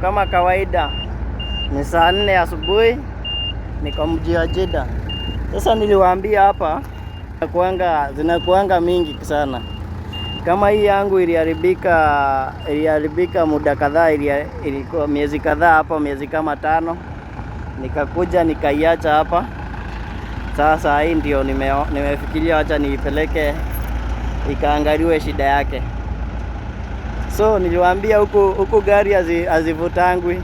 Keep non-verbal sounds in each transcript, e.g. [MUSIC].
kama kawaida ni saa nne asubuhi, niko mji wa Sasa niliwaambia hapa zinakuanga zinakuanga mingi sana, kama hii yangu iliharibika, iliharibika muda kadhaa, ilikuwa miezi kadhaa hapa, miezi kama tano, nikakuja nikaiacha hapa. Sasa hii ndio nimefikiria, nime wacha niipeleke ikaangaliwe shida yake. So niliwaambia huku huku gari hazivutangwi,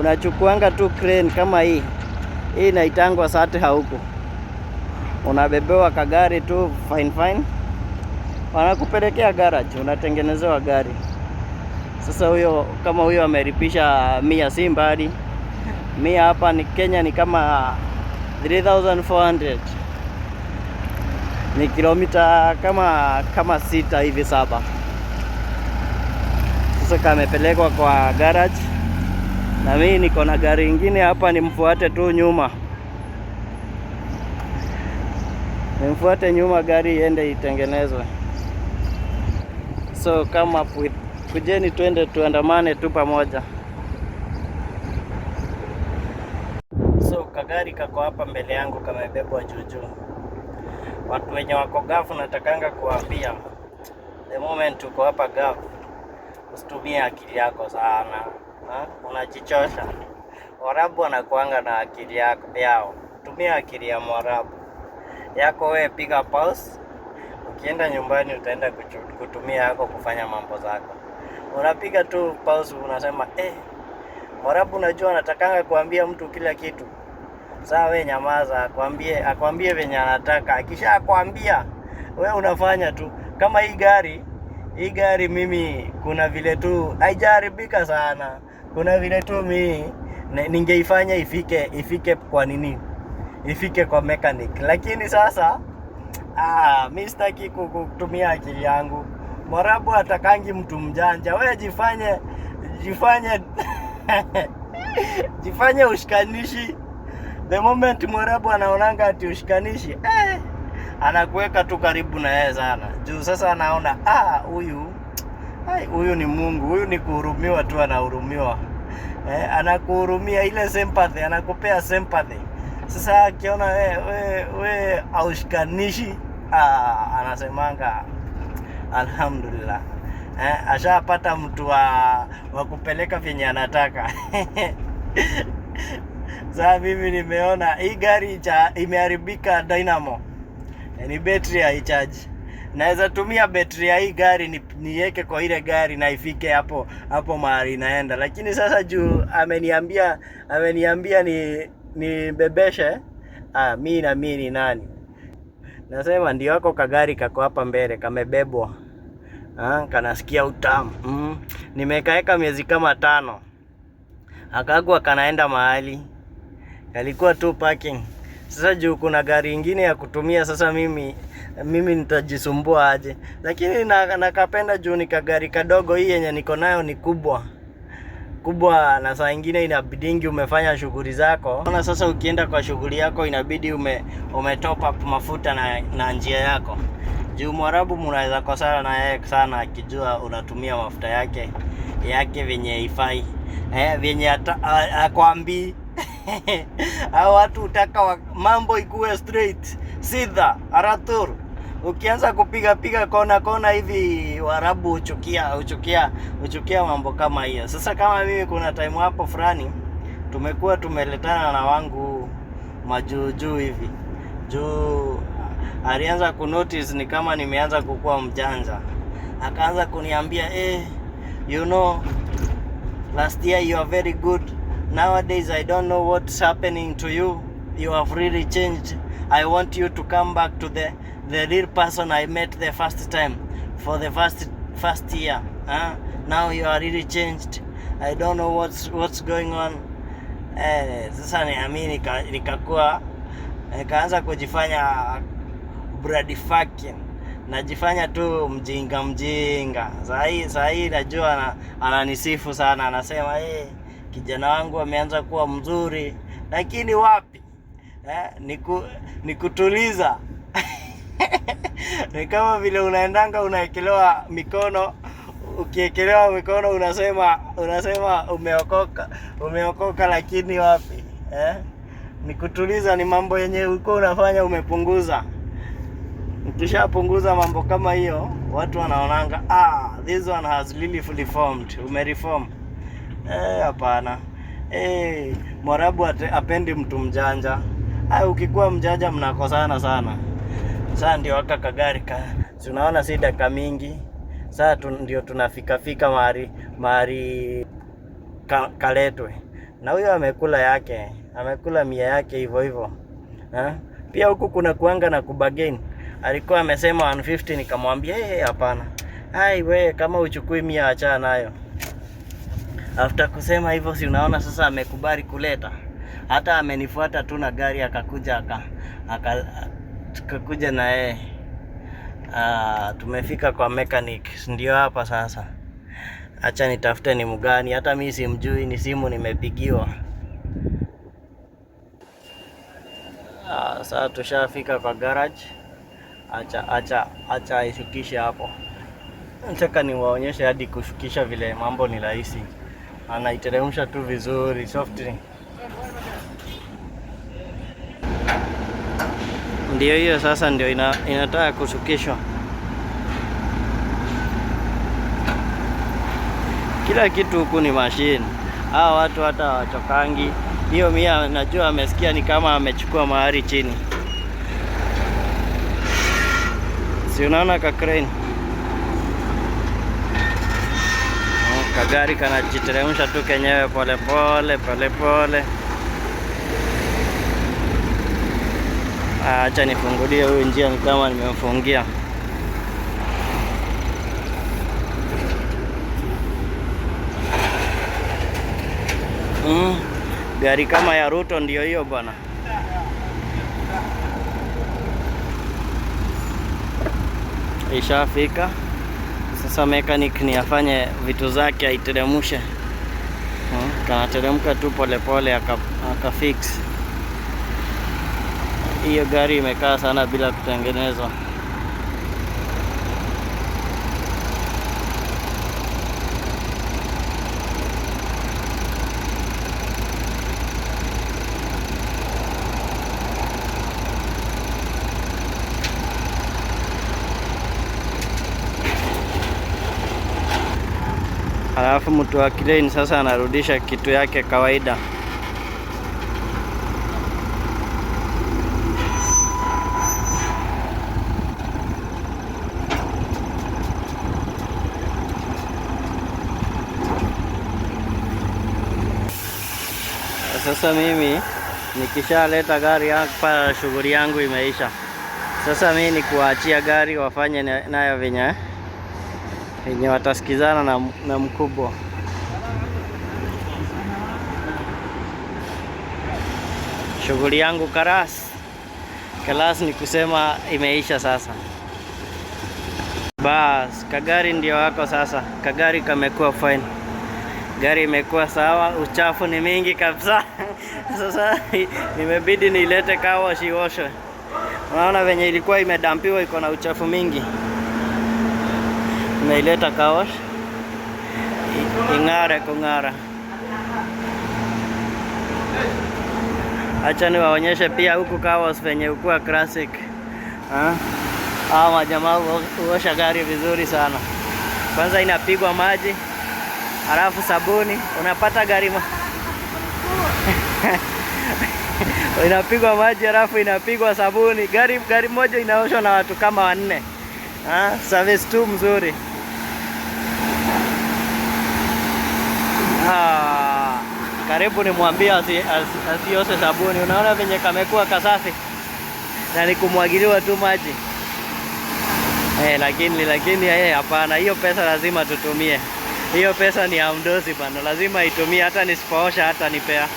unachukuanga tu crane kama hii hii inaitangwa sate huku, unabebewa kagari tu fine fine, wanakupelekea garage, unatengenezewa gari. Sasa huyo kama huyo ameripisha mia, si mbali mia hapa ni Kenya ni kama 3400 ni kilomita kama kama sita hivi saba. Kaso kamepelekwa kwa garage, na mimi niko na gari ingine hapa, nimfuate tu nyuma, nimfuate nyuma, gari iende itengenezwe. So kama kujeni, twende tuandamane tu pamoja. So kagari kako hapa mbele yangu, kamebebwa juujuu. Watu wenye wako gafu, natakanga kuambia the moment uko hapa gafu usitumie akili yako sana ha? Unajichosha. Warabu wanakuanga na akili yako yao, tumia akili ya Mwarabu yako wewe, piga pause. Ukienda nyumbani utaenda kutumia yako kufanya mambo zako, unapiga tu pause, unasema eh, Mwarabu unajua anatakanga kuambia mtu kila kitu. Saa we nyamaza, akwambie akwambie venye anataka, Akishakwambia we unafanya tu kama hii gari hii gari mimi kuna vile tu haijaharibika sana, kuna vile tu mi ningeifanya ifike ifike kwa nini, ifike kwa mechanic, lakini sasa ah, mi sitaki kutumia akili yangu. Mwarabu atakangi mtu mjanja, we jifanye jifanye [LAUGHS] jifanye ushikanishi. The moment Mwarabu anaonanga ati ushikanishi eh, anakuweka tu karibu na yeye sana, juu sasa anaona ah, huyu huyu ni Mungu, huyu ni kuhurumiwa tu, anahurumiwa eh, anakuhurumia ile sympathy, anakupea sympathy. Sasa akiona we, we, we aushikanishi ah, anasemanga alhamdulillah eh, ashapata mtu wa, wa kupeleka vyenye anataka [LAUGHS] Sasa mimi nimeona hii gari cha imeharibika dynamo Eh, ni betri haichaji. Naweza tumia betri ya hii gari niweke kwa ile gari na ifike hapo hapo mahali inaenda, lakini sasa juu ameniambia ameniambia ni nibebeshe ah, mi na mi ni nani? Nasema ndio wako kagari kako hapa mbele kamebebwa, ah, kanasikia utamu mm. Nimekaeka miezi kama tano akagwa kanaenda mahali kalikuwa tu parking sasa juu kuna gari ingine ya kutumia, sasa mimi mimi nitajisumbua aje? Lakini na, nakapenda juu ni kagari kadogo. Hii yenye niko nayo ni kubwa kubwa, na saa ingine inabidingi umefanya shughuli zako. Ona sasa, ukienda kwa shughuli yako inabidi ume, ume top up mafuta na, na njia yako juu Mwarabu mnaweza kosana na yeye sana akijua unatumia mafuta yake yake vyenye ifai eh, vyenye akwambii [LAUGHS] hao watu wa, mambo ikuwe straight sidha aratur. Ukianza kupiga piga kona kona hivi, warabu uchukia uchukia uchukia mambo kama hiyo. Sasa kama mimi, kuna time hapo fulani tumekuwa tumeletana na wangu majuujuu hivi juu alianza notice ni kama nimeanza kukuwa mjanja, akaanza kuniambia eh, you know last year you are very good Nowadays, I don't know what's happening to you. You have really changed. I want you to come back to the, the real person I met the first time for the first, first year. Huh? Now you are really changed. I don't know what's, what's going on. Eh, sasa niamini nika, nikakuwa nikaanza kujifanya Brad Fucking najifanya tu mjinga mjinga. Saa hii najua ananisifu sana, anasema hey, eh, kijana wangu ameanza kuwa mzuri, lakini wapi eh, niku, nikutuliza [LAUGHS] ni kama vile unaendanga unaekelewa mikono ukiekelewa mikono unasema unasema umeokoka umeokoka, lakini wapi eh? Ni kutuliza, ni mambo yenye ulikuwa unafanya umepunguza. Ukishapunguza mambo kama hiyo, watu wanaonanga ah, this one has really fully formed, umereform. Eh, hapana eh, eh, Mwarabu apendi mtu mjanja. Ay, ukikuwa mjanja mnakosana sana. Sasa ndio haka kagari ka tunaona si dakika mingi Sasa tu, ndio tunafika fika mahali mahali ka, kaletwe na huyo amekula yake amekula mia yake hivyo hivyo ha? Eh, pia huku kuna kuanga na kubagain. Alikuwa amesema 150 nikamwambia, eh, hapana. Ai we, kama uchukui mia acha nayo. After kusema hivyo, si unaona sasa, amekubali kuleta, hata amenifuata tu na gari akakuja aka, aka tukakuja na yeye ah, tumefika kwa mechanic, ndio hapa sasa. Acha nitafute ni mgani, hata mimi simjui, ni simu nimepigiwa. Ah, sasa tushafika kwa garage. Acha acha acha aishukishe hapo. Nataka niwaonyeshe hadi kushukisha vile mambo ni rahisi anaiteremsha tu vizuri soft drink. Ndio hiyo sasa, ndio ina, inataka kusukishwa. Kila kitu huku ni mashine. Hawa watu hata hawachokangi. Hiyo mia najua amesikia ni kama amechukua mahari chini, si unaona ka crane Kagari kanajiteremsha tu kenyewe polepole polepole. Ah, acha nifungulie huyu njia, ni kama nimemfungia. Mm, gari kama ya Ruto ndio hiyo bwana. Ishafika. Sasa mechanic ni afanye vitu zake, aiteremshe hmm, Kanateremka tu polepole akafix. Hiyo gari imekaa sana bila kutengenezwa. alafu mtu wa crane sasa anarudisha kitu yake kawaida. Sasa mimi nikishaleta gari hapa, shughuli yangu imeisha. Sasa mimi ni kuachia gari wafanye nayo venye yenye watasikizana na, na mkubwa shughuli yangu karas kalas ni kusema imeisha sasa. Bas, kagari ndio wako sasa. Kagari kamekuwa fine, gari imekuwa sawa, uchafu ni mingi kabisa [LAUGHS] sasa nimebidi nilete kawa ioshe. Unaona venye ilikuwa imedampiwa, iko na uchafu mingi. Tunaileta kawash ing'ara kung'ara. Acha niwaonyeshe pia huku kawash venye ukuwa classic. Hawa majamaa huosha gari vizuri sana. Kwanza inapigwa maji halafu sabuni, unapata gari ma... [LAUGHS] inapigwa maji halafu inapigwa sabuni. Gari gari moja inaoshwa na watu kama wanne. Ah, service tu mzuri. Ah, karibu nimwambie asiose sabuni. Unaona venye kamekuwa kasafi na nikumwagiliwa tu maji eh, lakini lakini eh, hapana, hiyo pesa lazima tutumie. Hiyo pesa ni ya mdosi bana, lazima itumie, hata nisipoosha hata nipea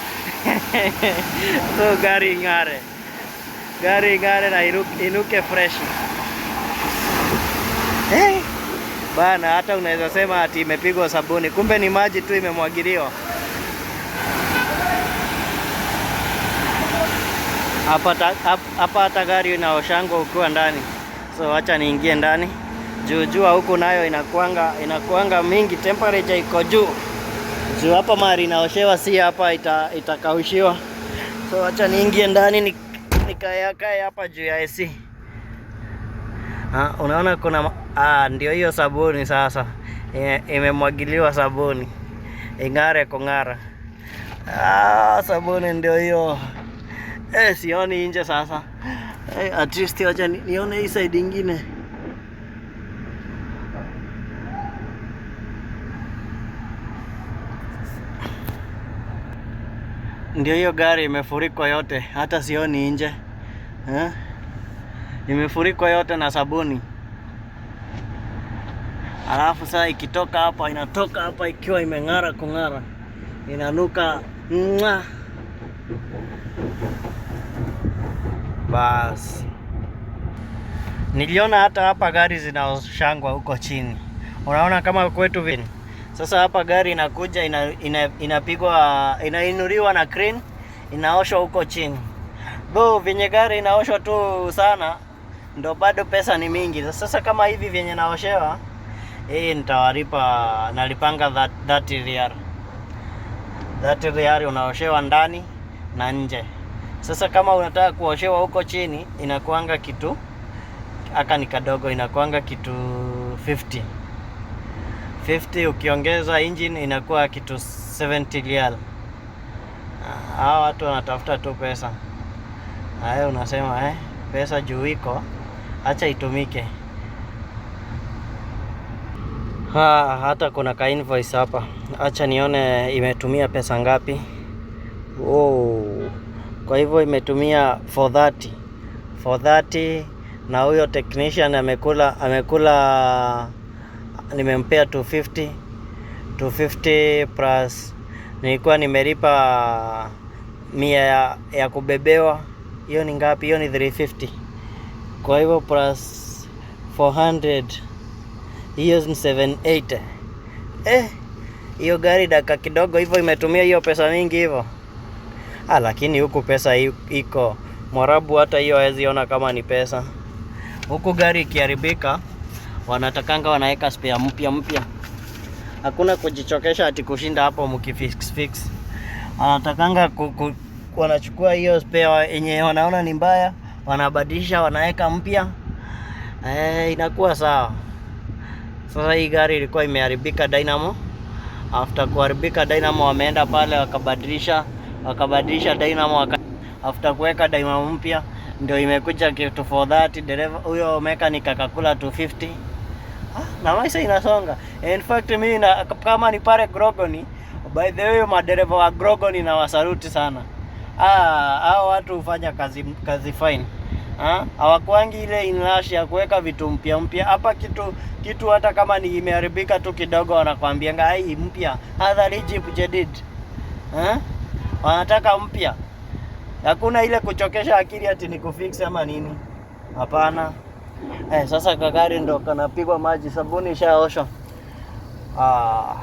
[LAUGHS] so gari ing'are, gari ing'are na inuke fresh hey. Eh, Bana, hata unaweza sema ati imepigwa sabuni, kumbe ni maji tu imemwagiliwa. Hapa hata gari inaoshangwa ukiwa ndani, so acha niingie ndani. Juujua huku nayo inakuanga inakuanga mingi, temperature iko juu juu. Hapa mari inaoshewa, si hapa itakaushiwa, so acha niingie ndani nikayakae hapa juu ya AC. Ha, unaona kuna ah, ndio hiyo sabuni sasa imemwagiliwa sabuni ing'are kung'ara. Ah, sabuni ndio hiyo eh, sioni nje sasa eh, at least wacha nione hii side ingine ndio hiyo gari imefurikwa yote, hata sioni nje eh? imefurikwa yote na sabuni. Alafu saa ikitoka hapa inatoka hapa ikiwa imeng'ara kung'ara, inanuka mwa Bas Niliona hata hapa gari zinaoshangwa huko chini, unaona kama kwetu vini. Sasa hapa gari inakuja inapigwa, ina, inainuliwa na crane, inaoshwa huko chini. Bo, venye gari inaoshwa tu sana ndo bado pesa ni mingi. Sasa kama hivi vyenye naoshewa hii nitawalipa, nalipanga that, riar that riar unaoshewa ndani na nje. Sasa kama unataka kuoshewa huko chini inakuanga kitu aka ni kadogo, inakuanga kitu 50 50 ukiongeza engine inakuwa kitu 70 rial. Hawa watu wanatafuta tu pesa. Haya unasema eh, pesa juu iko acha itumike. Ha, hata kuna ka invoice hapa, acha nione imetumia pesa ngapi. Oh, kwa hivyo imetumia 430 430 na huyo technician amekula amekula, nimempea 250 250 plus nilikuwa nimelipa mia ya, ya kubebewa. Hiyo ni ngapi? Hiyo ni 350. Kwa hivyo plus 400 hiyo ni 780. Eh, hiyo gari dakika kidogo hivyo imetumia hiyo pesa mingi hivyo. Ah, lakini huku pesa iko Mwarabu, hata hiyo hawezi ona kama ni pesa. Huku gari ikiharibika wanatakanga wanaweka spare mpya mpya. Hakuna kujichokesha ati kushinda hapo mkifix fix. Anatakanga ku, ku, wanachukua hiyo spare yenye wanaona ni mbaya wanabadilisha wanaweka mpya eh, inakuwa sawa. Sasa hii gari ilikuwa imeharibika dynamo. After kuharibika dynamo, wameenda pale wakabadilisha wakabadilisha dynamo waka... after kuweka dynamo mpya ndio imekuja kitu for that dereva huyo mekanika kakula 250 ah, na maisha inasonga. In fact mimi na, kama ni pale Grogoni, by the way, madereva wa Grogoni na wasaluti sana. Ah, hao watu hufanya kazi kazi fine hawakwangi ile inlash ya kuweka vitu mpya mpya hapa. Kitu kitu hata kama ni imeharibika tu kidogo, wanakwambianga ai, mpya hadhari jip jadid, wanataka mpya. Hakuna ile kuchokesha akili ati ni kufix ama nini, hapana. Eh, sasa kakari ndo kanapigwa maji, sabuni ishaoshwa. Ah,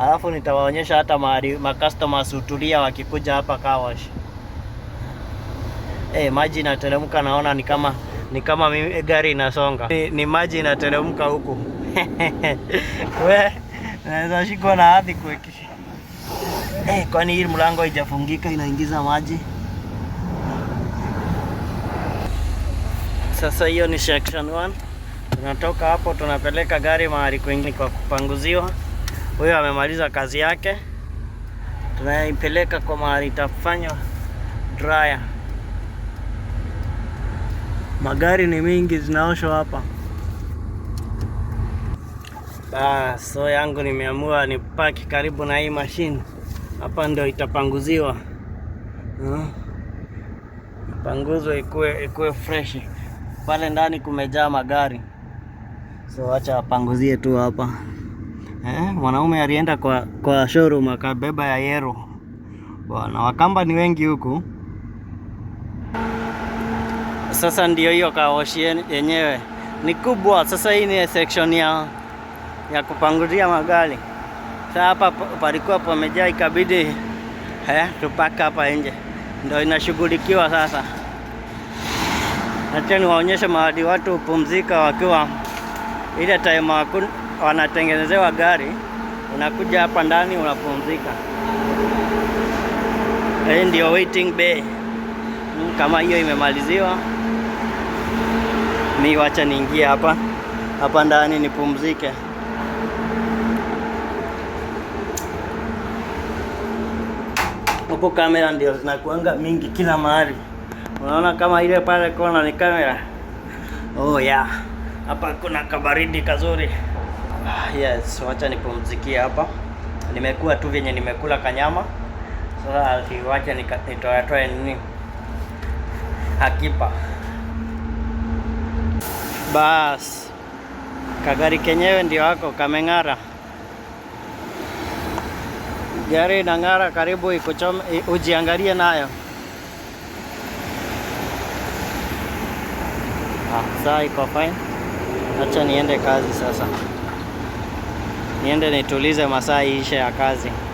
alafu nitawaonyesha hata mahali ma customers utulia wakikuja hapa car wash eh, maji inateremka, naona ni kama ni kama mimi eh, gari inasonga, ni, ni maji inateremka huku [LAUGHS] we naweza shikwa na hadhi kweki eh, kwani hii mlango haijafungika inaingiza maji. Sasa hiyo ni section 1. Tunatoka hapo tunapeleka gari mahali kwingine kwa kupanguziwa. Huyo amemaliza kazi yake, tunaipeleka kwa mahali itafanywa dryer. Magari ni mingi zinaoshwa hapa. Ah, so yangu nimeamua ni paki karibu na hii mashini hapa, ndio itapanguziwa hmm. Panguzo ikuwe ikue fresh. Pale ndani kumejaa magari, so acha apanguzie tu hapa eh. Mwanaume alienda kwa, kwa showroom akabeba ya yero bwana. Wakamba ni wengi huku. Sasa ndio hiyo kaoshi yenyewe ni kubwa. Sasa hii ni section ya, ya kupangulia magari. Sasa hapa palikuwa pamejaa, ikabidi eh, tupaka hapa nje, ndio inashughulikiwa sasa. Acha niwaonyeshe mahali watu hupumzika wakiwa ile time wanatengenezewa gari, unakuja hapa ndani unapumzika. Hii eh, ndio waiting bay hmm, kama hiyo imemaliziwa mi wacha niingie hapa hapa ndani nipumzike. Huku kamera ndio zinakuanga mingi kila mahali, unaona kama ile pale kona ni kamera. Oh yeah, hapa kuna kabaridi kazuri. Ah, yes, wacha nipumzikie hapa. nimekuwa tu vyenye nimekula kanyama sasa, so, wacha nitoatoe nini akipa Bas, kagari kenyewe ndio wako kameng'ara. Gari inang'ara, karibu ikuchome, ujiangalie nayo. Ah, saa iko fine. Acha niende kazi sasa, niende nitulize masaa iishe ya kazi.